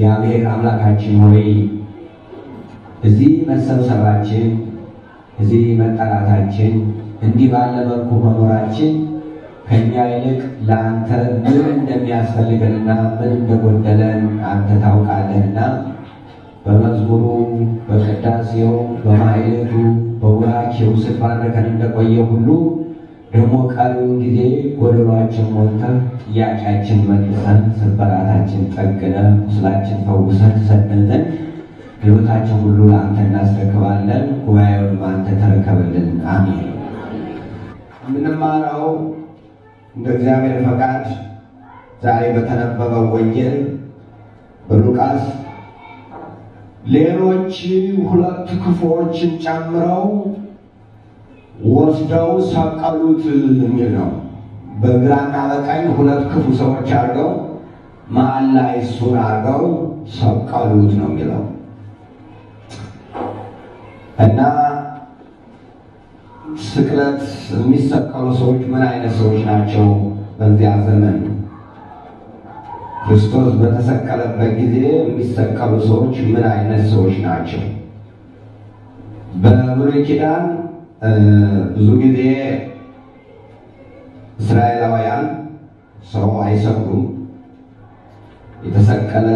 እግዚአብሔር አምላካችን ሆይ እዚህ መሰብሰባችን እዚህ መጠራታችን እንዲህ ባለ መልኩ መኖራችን ከእኛ ይልቅ ለአንተ ምን እንደሚያስፈልገንና ምን እንደጎደለን አንተ ታውቃለህና በመዝሙሩ በቅዳሴው፣ በማሕሌቱ፣ በቡራኬው ስትባረከን እንደቆየ ሁሉ ደግሞ ቀሪውን ጊዜ ጎደሏችን ሞልተን ጥያቄያችን መልሰን ስብራታችን ጠግነን ቁስላችን ፈውሰን ትሰጥን ዘንድ ሁሉ ለአንተ እናስረክባለን። ጉባኤውን በአንተ ተረከብልን። አሜን። የምንማረው እንደ እግዚአብሔር ፈቃድ ዛሬ በተነበበው ወንጌል በሉቃስ ሌሎች ሁለቱ ክፉዎችን ጨምረው ወስደው ሰቀሉት የሚል ነው። በግራና በቀኝ ሁለት ክፉ ሰዎች አድርገው መሀል ላይ እሱን አድርገው ሰቀሉት ነው የሚለው እና ስቅለት የሚሰቀሉ ሰዎች ምን አይነት ሰዎች ናቸው? በዚያ ዘመን ክርስቶስ በተሰቀለበት ጊዜ የሚሰቀሉ ሰዎች ምን አይነት ሰዎች ናቸው? በብሉይ ኪዳን Eh, ብዙ ጊዜ እስራኤላውያን ሰው አይሰቅሉም። የተሰቀለ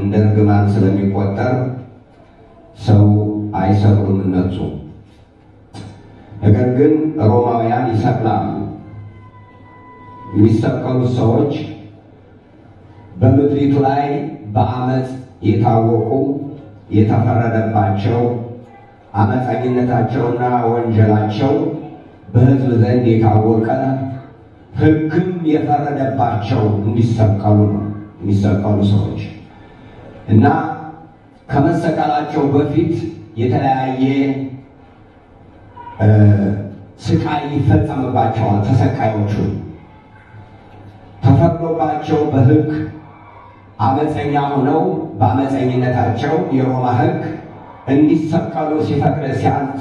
እንደ እርግማን ስለሚቆጠር ሰው አይሰቅሉም እነሱ። ነገር ግን ሮማውያን ይሰቅላሉ። የሚሰቀሉት ሰዎች በምድሪቱ ላይ በአመፅ የታወቁ የተፈረደባቸው አመፃኝነታቸውና ወንጀላቸው በሕዝብ ዘንድ የታወቀ ሕግም የፈረደባቸው እንዲሰቀሉ ነው የሚሰቀሉ ሰዎች እና ከመሰቀላቸው በፊት የተለያየ ስቃይ ይፈጸምባቸዋል። ተሰቃዮቹ ተፈቅዶባቸው በሕግ አመፀኛ ሆነው በአመፀኝነታቸው የሮማ ሕግ እንዲሰቀሉ ሲፈቅድ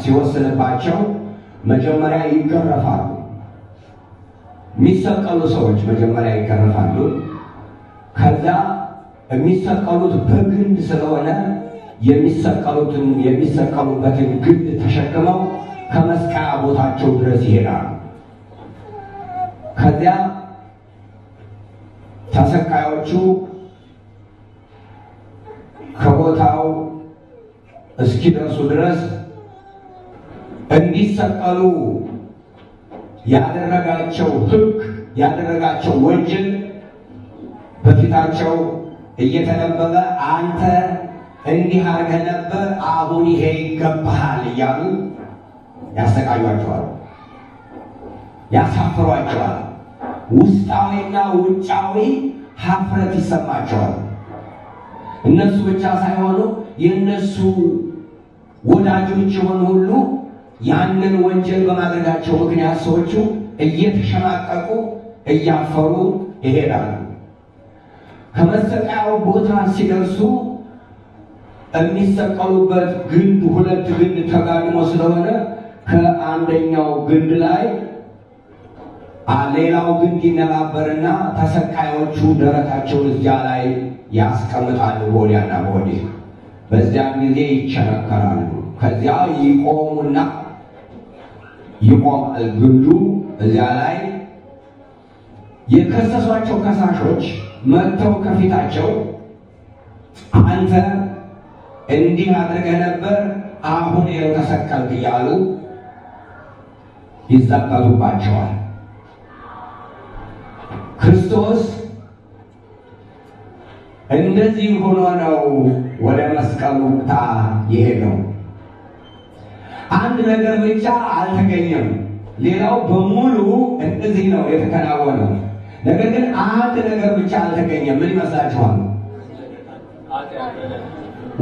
ሲወስንባቸው መጀመሪያ ይገረፋሉ። የሚሰቀሉ ሰዎች መጀመሪያ ይገረፋሉ። ከዛ የሚሰቀሉት በግንድ ስለሆነ የሚሰቀሉትን የሚሰቀሉበትን ግንድ ተሸክመው ከመስቀያ ቦታቸው ድረስ ይሄዳሉ። ከዚያ ተሰቃዮቹ ከቦታው እስኪደርሱ ድረስ እንዲሰቀሉ ያደረጋቸው ሕግ ያደረጋቸው ወንጀል በፊታቸው እየተነበበ አንተ እንዲህ አድርገህ ነበር፣ አሁን ይሄ ይገባሃል እያሉ ያሰቃዩአቸዋል፣ ያሳፍሯቸዋል። ውስጣዊና ውጫዊ ሀፍረት ይሰማቸዋል። እነሱ ብቻ ሳይሆኑ የእነሱ ወዳጆች የሆኑ ሁሉ ያንን ወንጀል በማድረጋቸው ምክንያት ሰዎቹ እየተሸማቀቁ እያፈሩ ይሄዳሉ። ከመሰቀያው ቦታ ሲደርሱ የሚሰቀሉበት ግንድ ሁለት ግንድ ተጋድሞ ስለሆነ ከአንደኛው ግንድ ላይ ሌላው ግንድ ይነባበርና ተሰቃዮቹ ደረታቸውን እዚያ ላይ ያስቀምጣሉ በወዲያና በወዲህ በዚያም ጊዜ ይቸነከራሉ። ከዚያ ይቆሙና ይቆማል ግንዱ። እዚያ ላይ የከሰሷቸው ከሳሾች መጥተው ከፊታቸው አንተ እንዲህ አድርገህ ነበር፣ አሁን ይኸው ተሰቀልክ እያሉ ይዘቀጡባቸዋል። ክርስቶስ እንደዚህ ሆኖ ነው ወደ መስቀሉ ታ የሄደው። አንድ ነገር ብቻ አልተገኘም። ሌላው በሙሉ እንደዚህ ነው የተከናወነው። ነገር ግን አንድ ነገር ብቻ አልተገኘም። ምን ይመስላችኋል?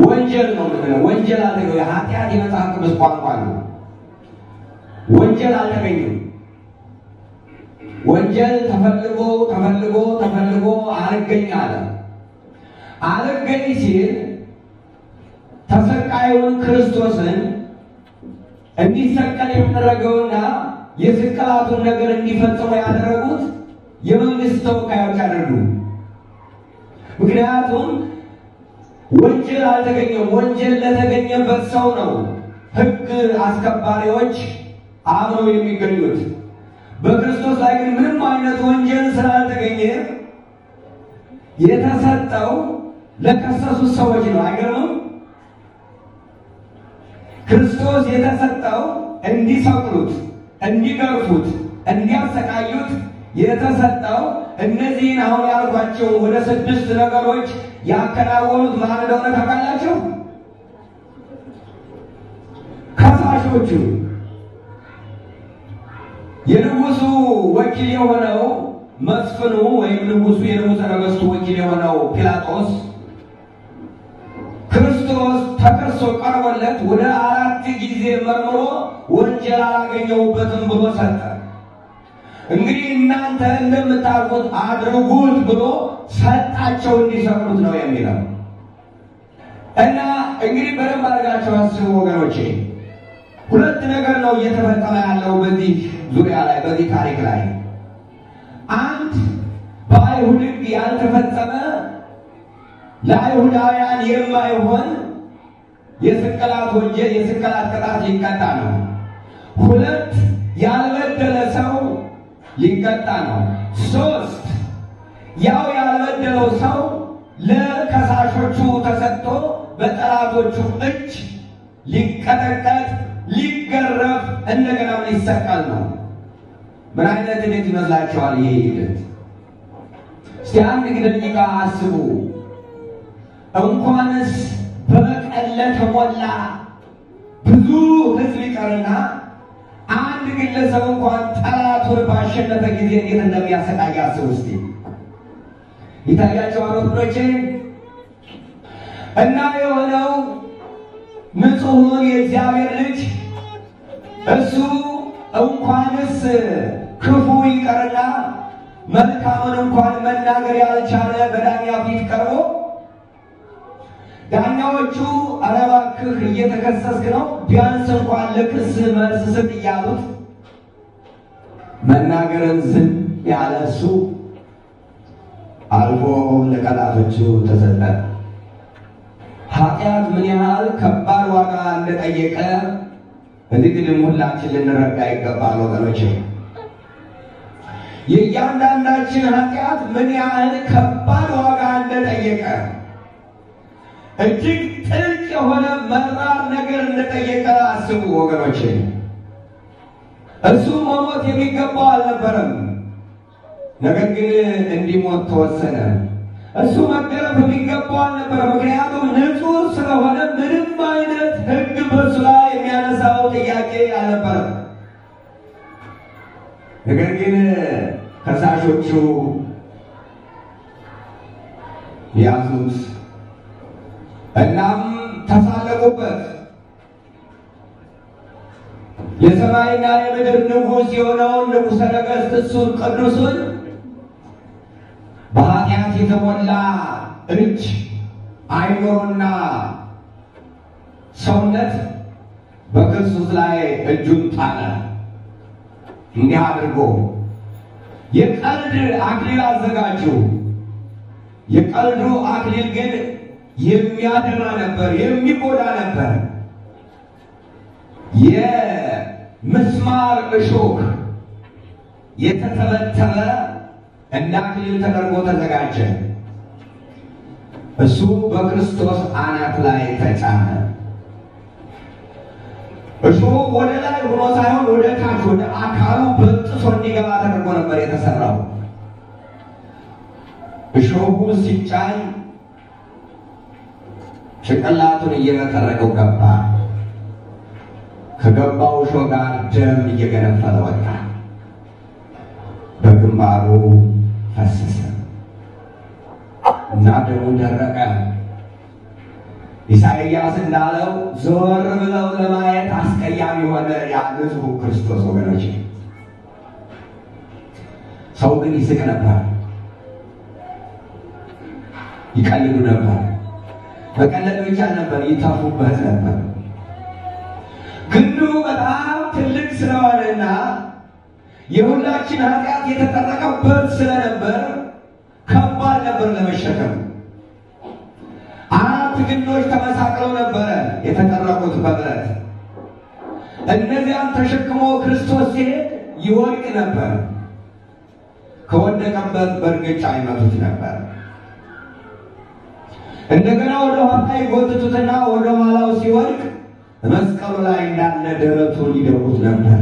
ወንጀል ነው የምንለው። ወንጀል አለ ኃጢአት የመጽሐፍ ቅዱስ ቋንቋ ነው። ወንጀል አልተገኘም። ወንጀል ተፈልጎ ተፈልጎ ተፈልጎ አልገኝ አለ። አረገኝ ሲል ተሰቃዩን ክርስቶስን እንዲሰቀል የተደረገውና የስቅላቱን ነገር እንዲፈጽሙ ያደረጉት የመንግስት ተወካዮች አደረጉ። ምክንያቱም ወንጀል አልተገኘም። ወንጀል ለተገኘበት ሰው ነው ህግ አስከባሪዎች አብረው የሚገኙት። በክርስቶስ ላይ ግን ምንም አይነት ወንጀል ስላልተገኘ የተሰጠው ለከሰሱ ሰዎች ነው። አይገርምም? ክርስቶስ የተሰጠው እንዲሰቅሉት፣ እንዲገርፉት፣ እንዲያሰቃዩት የተሰጠው እነዚህን አሁን ያልኳቸው ወደ ስድስት ነገሮች ያከናወኑት ማን እንደሆነ ታውቃላችሁ? ከሳሾቹ የንጉሱ ወኪል የሆነው መስፍኑ ወይም ንጉሱ የንጉሠ ነገሥቱ ወኪል የሆነው ጲላጦስ ጴጥሮስ ተከሶ ቀርቦለት ወደ አራት ጊዜ መርምሮ ወንጀል አላገኘሁበትም ብሎ ሰጠ። እንግዲህ እናንተ እንደምታውቁት አድርጉት ብሎ ሰጣቸው እንዲሰሩት ነው የሚለው እና እንግዲህ በደንብ አድርጋቸው አስቡ ወገኖቼ። ሁለት ነገር ነው እየተፈጠረ ያለው በዚህ ዙሪያ ላይ በዚህ ታሪክ ላይ አንድ በአይሁድ ሕግ ያልተፈጸመ ለአይሁዳውያን የማይሆን የስቅላት ወንጀል የስቅላት ቅጣት ሊቀጣ ነው። ሁለት ያልበደለ ሰው ሊቀጣ ነው። ሶስት ያው ያልበደለው ሰው ለከሳሾቹ ተሰጥቶ በጠላቶቹ እጅ ሊቀጠቀጥ ሊገረፍ እንደገና ሊሰቀል ነው። ምን አይነት ሂደት ይመስላችኋል? ይሄ ሂደት እስቲ አንድ ደቂቃ አስቡ። እንኳንስ በ በጠለ ተሞላ። ብዙ ህዝብ ይቀርና አንድ ግለሰብ እንኳን ጠላቱን ባሸነፈ ጊዜ እንዴት እንደሚያሰቃይ አስቡ እስቲ። ይታያቸዋል ወንዶቼ። እና የሆነው ንጹሑን የእግዚአብሔር ልጅ እሱ እንኳንስ ክፉ ይቀርና መልካምን እንኳን መናገር ያልቻለ በዳኛ ፊት ቀርቦ ዳኛዎቹ ኧረ እባክህ እየተከሰስክ ነው ቢያንስ እንኳን ለክስ መልስ ስጥ እያሉት መናገርን ዝም ያለ እሱ አልፎ ለቀላቶቹ ተሰጠ። ኃጢአት ምን ያህል ከባድ ዋጋ እንደጠየቀ እንግዲህም ሁላችን ልንረዳ ይገባል ወገኖች። የእያንዳንዳችን ኃጢአት ምን ያህል ከባድ ዋጋ እንደጠየቀ እጅግ ጥልቅ የሆነ መራር ነገር እንደጠየቀ አስቡ ወገኖች እሱ መሞት የሚገባው አልነበረም፣ ነገር ግን እንዲሞት ተወሰነ። እሱ መገረፍ የሚገባው አልነበረም፣ ምክንያቱም ንጹሕ ስለሆነ ምንም አይነት ሕግ በሱ ላይ የሚያነሳው ጥያቄ አልነበረም። ነገር ግን ከሳሾቹ ያዙት እናም ተሳለቁበት። የሰማይና የምድር ንጉሥ የሆነውን ንጉሠ ነገሥት እሱን ቅዱሱን በኃጢአት የተሞላ እጅ አይኖሩና ሰውነት በክርስቶስ ላይ እጁን ጣለ። እንዲህ አድርጎ የቀልድ አክሊል አዘጋጁ። የቀልዱ አክሊል ግን የሚያደላ ነበር፣ የሚጎዳ ነበር። የምስማር እሾክ የተተበተበ እንደ አክሊል ተደርጎ ተዘጋጀ። እሱ በክርስቶስ አናት ላይ ተጫነ። እሾሁ ወደ ላይ ሆኖ ሳይሆን ወደ ታች ወደ አካሉ በጥሶ እንዲገባ ተደርጎ ነበር የተሰራው። እሾሁ ሲጫን ጭንቅላቱን እየበጠረቀው ገባ። ከገባው ሾ ጋር ደም እየገነፈለ ወጣ፣ በግንባሩ ፈሰሰ እና ደሙ ደረቀ። ኢሳይያስ እንዳለው ዞር ብለው ለማየት አስቀያሚ የሆነ ያንጹ ክርስቶስ ወገኖች። ሰው ግን ይስቅ ነበር፣ ይቀልሉ ነበር በቀለል ብቻ ነበር ይታፉበት ነበር። ግንዱ በጣም ትልቅ ስለሆነና የሁላችን ኃጢአት የተጠረቀበት ስለነበር ከባድ ነበር ለመሸከም። አራት ግንዶች ተመሳቅለው ነበረ የተጠረቁት በብረት። እነዚያም ተሸክሞ ክርስቶስ ሲሄድ ይወድቅ ነበር። ከወደቀበት በእርግጫ አይመቱት ነበር። እንደገና ወደ ኋላ ይጎትቱትና ወደ ኋላው ሲወድቅ መስቀሉ ላይ እንዳለ ደረቱን ይደውት ነበር።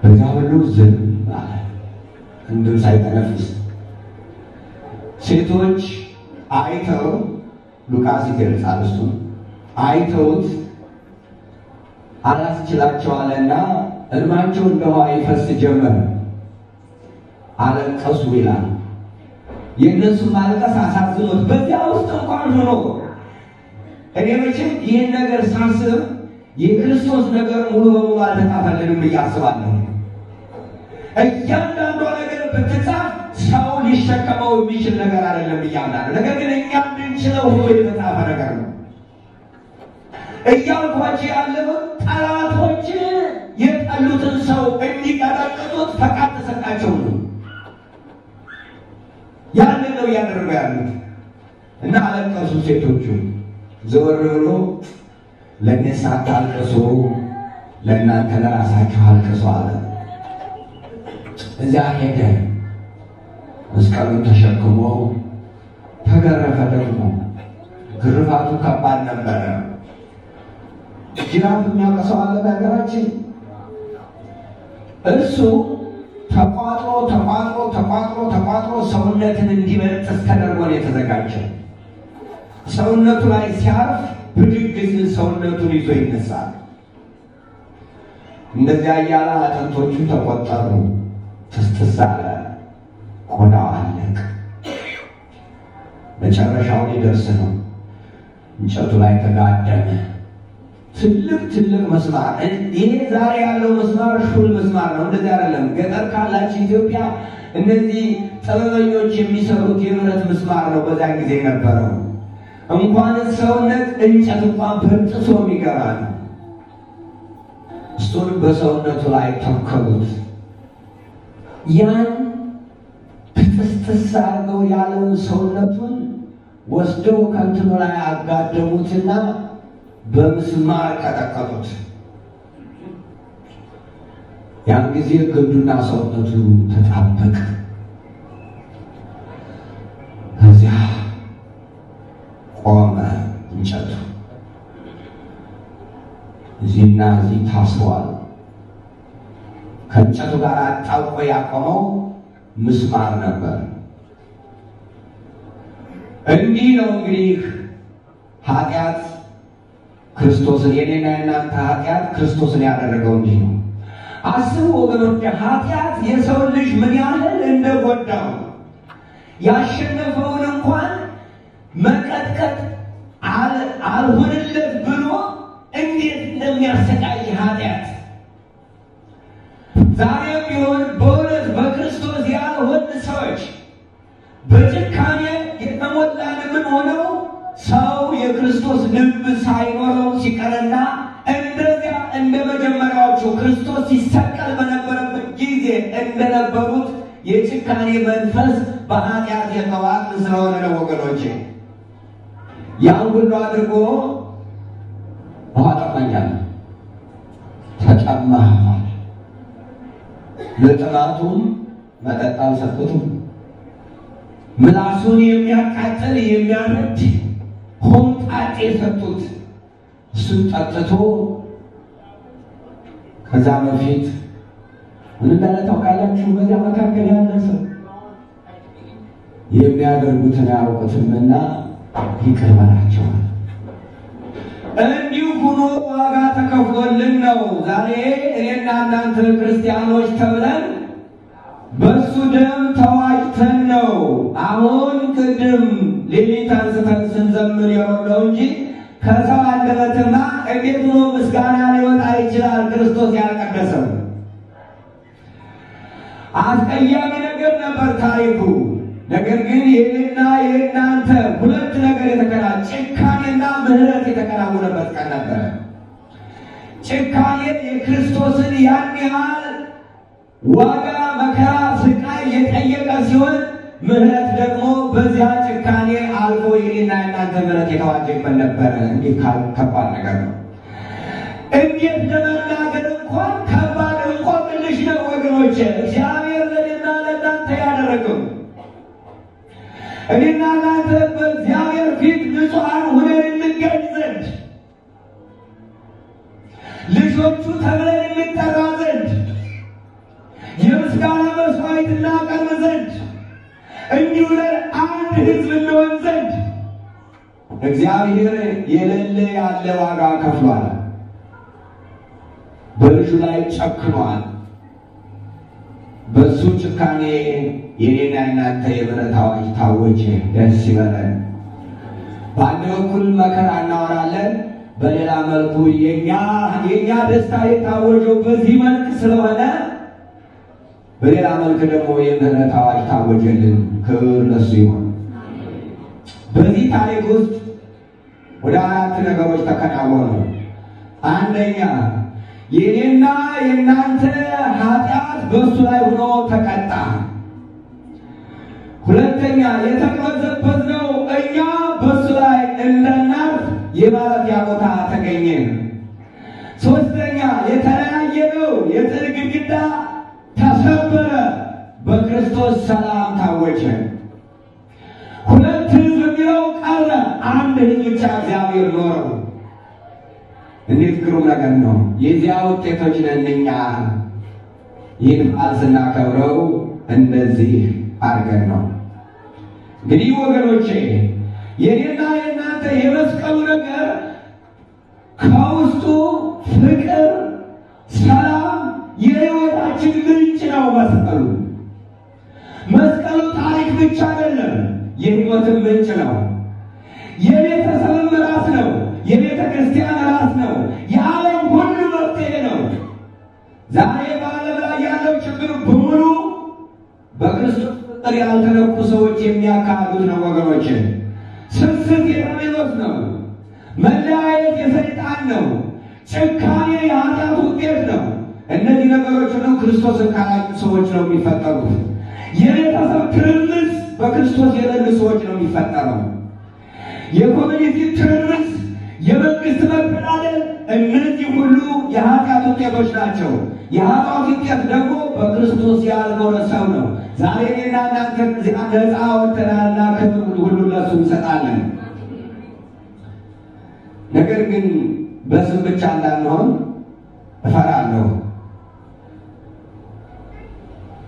በዛ ሁሉ ዝም አለ፣ እንድም ሳይተነፍስ። ሴቶች አይተው ሉቃስ ይገልጻል እሱ አይተውት አላስችላቸዋለና እልማቸው እንደዋ ይፈስ ጀመር፣ አለቀሱ ይላል የእነሱ ማልቀስ አሳዝኖት በዚያ ውስጥ እንኳን ሆኖ እኔ መቼም ይህን ነገር ሳስብ የክርስቶስ ነገር ሙሉ በሙሉ አልተጻፈልንም እያስባለሁ። እያንዳንዷ ነገር ብትጻፍ ሰው ሊሸከመው የሚችል ነገር አይደለም እያምናለሁ። ነገር ግን እኛ የምንችለው ሁሉ የተጻፈ ነገር ነው እያልኳቸው ያለው ጠላቶች የጠሉትን ሰው እንዲቀጠቅጡት ፈቃድ ተሰጣቸው ነው። ያንን ነው እያደረገ ያሉት እና አለቀሱ። ሴቶቹ ዘወር ብሎ ለነሳ አታልቅሱ፣ ለእናንተ ለራሳችሁ አልቅሱ አለ። እዚያ ሄደ። መስቀሉን ተሸክሞ ተገረፈ። ደግሞ ግርፋቱ ከባድ ነበረ። ጅራፍ የሚያውቅ ሰው አለ በሀገራችን እሱ ተቋጥሮ ተቋጥሮ ተቋጥሮ ተቋጥሮ ሰውነትን እንዲበጥስ ተደርጎ ነው የተዘጋጀው። ሰውነቱ ላይ ሲያርፍ ብድግ ሲል ሰውነቱን ይዞ ይነሳል። እነዚያ እያለ አጥንቶቹ ተቆጠሩ። ትስትሳለ ቆዳው አለቅ፣ መጨረሻውን ይደርስ ነው። እንጨቱ ላይ ተጋደመ። ትልቅ ትልቅ መስማር ይሄ ዛሬ ያለው መስማር ሹል መስማር ነው። እንደዚህ አይደለም። ገጠር ካላችሁ ኢትዮጵያ እነዚህ ጥበበኞች የሚሰሩት የብረት ምስማር ነው። በዛ ጊዜ ነበረው እንኳን ሰውነት እንጨት እንኳን በጥሶ የሚገራ ነው። እሱን በሰውነቱ ላይ ተከሉት። ያን ብጥስጥስ አርገው ያለውን ሰውነቱን ወስደው ከንትኑ ላይ አጋደሙትና በምስማር ቀጠቀጡት። ያን ጊዜ ግንዱና ሰውነቱ ተጣበቀ። ከዚያ ቆመ እንጨቱ እዚህና እዚህ ታስሯል። ከእንጨቱ ጋር አጣብቆ ያቆመው ምስማር ነበር። እንዲህ ነው እንግዲህ ኃጢአት ክርስቶስን የኔና የናንተ ኃጢአት ክርስቶስን ያደረገው እንጂ ነው። አስቡ ወገኖች፣ ኃጢአት የሰው ልጅ ምን ያህል እንደጎዳው ያሸነፈውን እንኳን መቀጥቀጥ አልሆነ ክርስቶስ ልብ ሳይኖረው ሲቀርና እንደዚያ እንደ መጀመሪያዎቹ ክርስቶስ ሲሰቀል በነበረበት ጊዜ እንደነበሩት የጭካኔ መንፈስ በኃጢአት የተዋት ስለሆነ ነው ወገኖች። ያን ሁሉ አድርጎ ውሃ ጠማኛል ተጠማሃል፣ ለጥማቱም መጠጥ አልሰጡትም። ምላሱን የሚያቃጥል የሚያረድ ሆምጣጤ ሰጡት። እሱን ጠጥቶ ከዛ በፊት ምን እንዳለ ታውቃላችሁ? በዚያ መካከል ያለ ሰው የሚያደርጉትን አያውቁትምና ይቅር በላቸዋል። እንዲሁ ሁኖ ዋጋ ተከፍሎልን ነው ዛሬ እኔና እናንተ ክርስቲያኖች ተብለን በሱ ደም ተዋጅተን ነው። አሁን ቅድም ሌሊት አንስተን ስንዘምር የወለው እንጂ ከሰው አንደበትማ እንዴት ሆኖ ምስጋና ሊወጣ ይችላል? ክርስቶስ ያልቀደሰም አስቀያሚ ነገር ነበር ታሪኩ። ነገር ግን ይህንና የእናንተ ሁለት ነገር የተከና ጭካኔና ምሕረት የተከናወነበት ቀን ነበረ። ጭካኔ የክርስቶስን ያን ያህል ዋጋ መከራ ስቃይ የጠየቀ ሲሆን ምህረት ደግሞ በዚያ ጭካኔ አልፎ የኔና የእናንተ ምሕረት የተዋጀበት ነበረ። እንዲህ ከባድ ነገር ነው። እንዴት ለመናገር እንኳን ከባድ እንኳን ትንሽ ነው ወገኖች፣ እግዚአብሔር ለእኔና ለእናንተ ያደረገው እኔና እግዚአብሔር የሌለ ያለ ዋጋ ከፍሏል። በልጁ ላይ ጨክኗል። በሱ ጭካኔ የኔና እናንተ የምህረት አዋጅ ታወጀ። ደስ ይበለን። በአንድ በኩል መከራ እናወራለን፣ በሌላ መልኩ የኛ የኛ ደስታ የታወጀው በዚህ መልክ ስለሆነ በሌላ መልክ ደግሞ የምህረት አዋጅ ታወጀልን። ክብር ለሱ ይሆን። በዚህ ታሪክ ውስጥ ወደ አራት ነገሮች ተከናወኑ። አንደኛ የኔና የእናንተ ኃጢአት በእሱ ላይ ሆኖ ተቀጣ። ሁለተኛ ነው እኛ በእሱ ላይ እንደናት እናት የማረፊያ ቦታ ተገኘ። ሶስተኛ የተለያየነው የጥል ግድግዳ ተሰበረ፣ በክርስቶስ ሰላም ታወጀ። ሁለት ህዝብ የሚለው አለ አንድ ልጅ ብቻ እግዚአብሔር ኖረው። እንዴት ግሩም ነገር ነው! የዚያ ውጤቶች ነን እኛ። ይህን በዓል ስናከብረው እንደዚህ አድርገን ነው። እንግዲህ ወገኖቼ የኔና የእናንተ የመስቀሉ ነገር ከውስጡ ፍቅር፣ ሰላም የሕይወታችን ምንጭ ነው። መስቀሉ መስቀሉ ታሪክ ብቻ አይደለም፣ የሕይወትን ምንጭ ነው። የቤተሰብም ራስ ነው። የቤተ ክርስቲያን ራስ ነው። የዓለም ሁሉ መፍትሄ ነው። ዛሬ በዓለም ላይ ያለው ችግር በሙሉ በክርስቶስ ቁጥር ያልተነኩ ሰዎች የሚያካሂዱት ነው። ወገኖች ስስት የዲያብሎስ ነው። መለያየት የሰይጣን ነው። ጭካኔ የኃጢአት ውጤት ነው። እነዚህ ነገሮች ሁሉ ክርስቶስን ካላዩ ሰዎች ነው የሚፈጠሩት። የቤተሰብ ትርምስ በክርስቶስ የሌሉ ሰዎች ነው የሚፈጠረው። የኮሚኒቲ ትርምስ፣ የመንግስት መፈላለል እነዚህ ሁሉ የኃጢአት ውጤቶች ናቸው። የኃጢአት ውጤት ደግሞ በክርስቶስ ያልኖረ ሰው ነው። ዛሬ እኔና እናንተ እዚያ ነፃ ወጥተናልና ክብር ሁሉ ለሱ እንሰጣለን። ነገር ግን በስም ብቻ እንዳንሆን እፈራለሁ።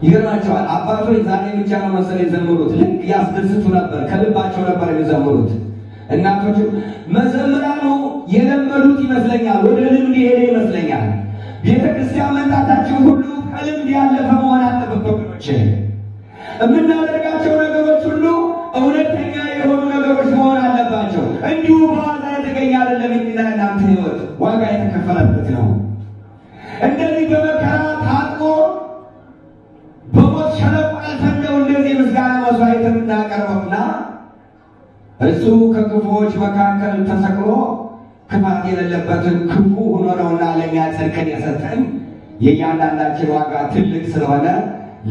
ይገርማቸዋል አባቶች ዛሬ ብቻ ነው መሰለኝ የዘምሩት። ልክ ያስደስቱ ነበር፣ ከልባቸው ነበር የሚዘምሩት። እናቶችም መዘምራኑ የለመዱት ይመስለኛል፣ ወደ ልምድ የሄደ ይመስለኛል። ቤተ ክርስቲያን መምጣታችን ሁሉ ከልምድ ያለፈ መሆን አለበት። ወገኖች የምናደርጋቸው ነገሮች ሁሉ እውነተኛ የሆኑ ነገሮች መሆን አለባቸው። እንዲሁ በዋዛ የተገኘ አይደለም። የሚና እናንተ ህይወት ዋጋ የተከፈለበት ነው። በክፉዎች መካከል ተሰቅሎ ክፋት የሌለበትን ክፉ ሆኖ ነውና ለእኛ ጽድቅን የሰጠን የእያንዳንዳችን ዋጋ ትልቅ ስለሆነ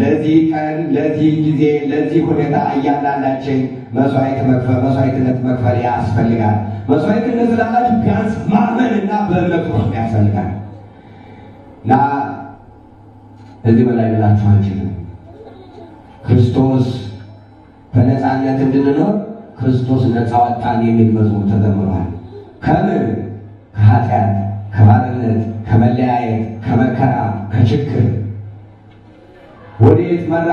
ለዚህ ቀን፣ ለዚህ ጊዜ፣ ለዚህ ሁኔታ እያንዳንዳችን መስዋዕት መክፈል መስዋዕትነት መክፈል ያስፈልጋል። መስዋዕትነት ስላላችሁ ቢያንስ ማመን እና በእምነት ውስጥ ያስፈልጋል እና እዚህ በላይ ልላችሁ አንችልም። ክርስቶስ በነፃነት እንድንኖር ክርስቶስ ነፃ ወጣን የሚል መዝሙር ተዘምሯል። ከምን ከኃጢአት፣ ከባርነት፣ ከመለያየት፣ ከመከራ፣ ከችግር ወደ የት መራ?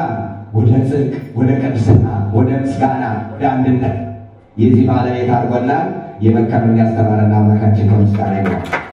ወደ ጽድቅ፣ ወደ ቅድስና፣ ወደ ምስጋና፣ ወደ አንድነት የዚህ ባለቤት አድርጎናል። የመከረን ያስተማረና አምላካችን ከምስጋና ይሆናል።